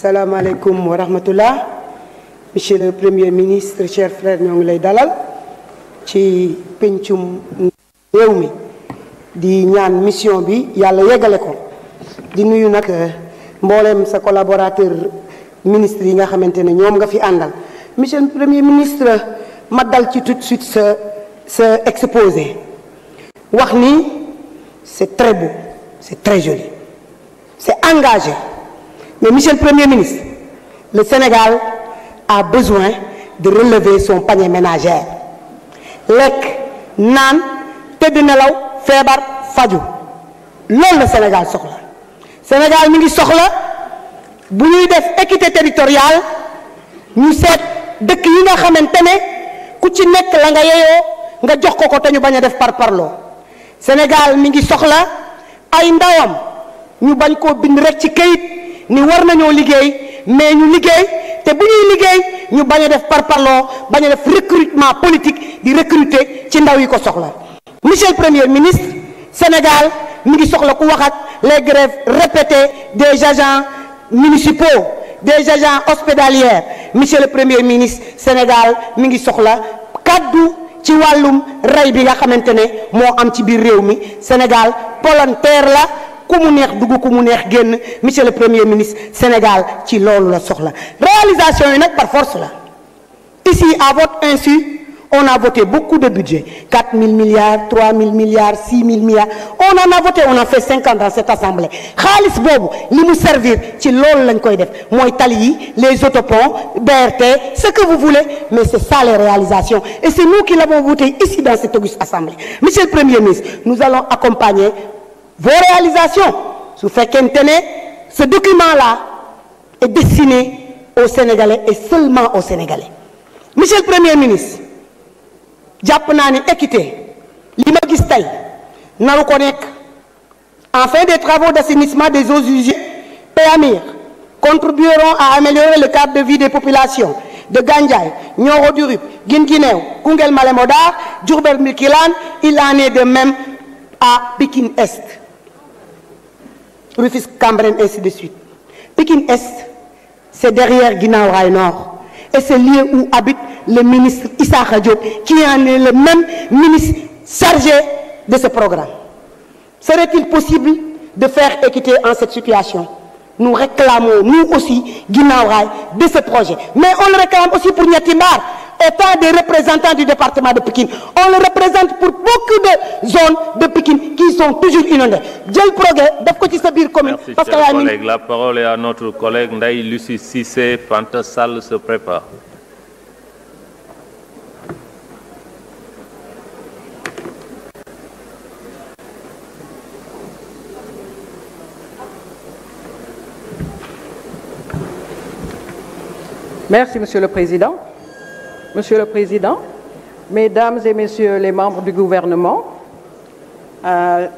salaamaaleykum wa rahmatullah monsieur le premier ministre cher frère ñoo ngi lay dalal ci pencum réew mi di ñaan mission bi yàlla yeggale ko di nuyu nag euh, mboolem sa collaborateur ministre yi nga xamante ne ñoom nga fi àndal monsieur le premier ministre ma dal ci tout de suite sa sa exposé wax ni c'est très beau c'est très joli c'est engagé Mais Monsieur le Premier ministre, le Sénégal a besoin de relever son panier ménagère lekk naan tëdd nelaw feebar faju loolu la Sénégal soxla Sénégal mi ngi soxla bu ñuy def équité territoriale ñu seet dëkk yi nga xamante ne ku ci nekk la nga yeyoo nga jox ko ko te ñu bañ a def par parloo Sénégal mi ngi soxla ay ndawam ñu bañ koo bind rek ci këyit ni war nañoo liggéey mais ñu liggéey te bu ñuy liggéey ñu bañ a def parparloo bañ a def recrutement politique di recruter ci ndaw yi ko soxla monsieur le premier ministre Sénégal mi ngi soxla ku wax ak les grèves répétées des agents municipaux des agents hospitaliers monsieur le premier ministre Sénégal mi ngi soxla kàddu ci wàllum rey bi nga xamante ne moo am ci biir réew mi Sénégal volontaire la ku mu neex dugg mu neex génn monsieur le premier ministre Sénégal ci loolu la soxla réalisation yi nag par force la ici à votre insu on a voté beaucoup de budget 4 000 milliards 3 000 milliards 6 000 milliards on en a voté on a fait 50 dans cette assemblée xaalis boobu li mu servir ci loolu lañ koy def mooy tali yi les autoponts BRT ce que vous voulez mais c'est ça les réalisations et c'est nous qui l'avons voté ici dans cette auguste assemblée monsieur le premier ministre accompagner vos réalisations su fekkente ne ce document là est destiné aux Sénégalais et seulement au Sénégalais monsieur le premier ministre jàpp naa ne équité li ma gis tey naru ko nekk en fin des travaux d'assainissement des eaux usées PAMIR contribueront à améliorer le cadre de vie des populations de Gandiaye Nioro du Rip Guinguinéo Koungheul Malem Hodar Diourbel Birkelane il en est de même à Pikine Est Rufisque Cambérène ainsi de suite Pikine Est c'est derrière Guinaw Rail Nord et c'est lieu où habite le ministre Issakha Diop qui en est le même ministre chargé de ce programme serait-il possible de faire équité en cette situation nous réclamons nous aussi Guinaw Rail de ce projet mais on le réclame aussi pour Niatimbar étant des représentants du département de Pikine on le représente pour beaucoup de zones de Pikine qui sont toujours inondées jël projet def ko ci sa biir commune. parce que yaa ngi la parole est à notre collègue Ndeye Lucie Cissé Fanta Sall se prépare. Merci, Monsieur le Président. Monsieur le Président, Mesdames et Messieurs les membres du gouvernement, euh,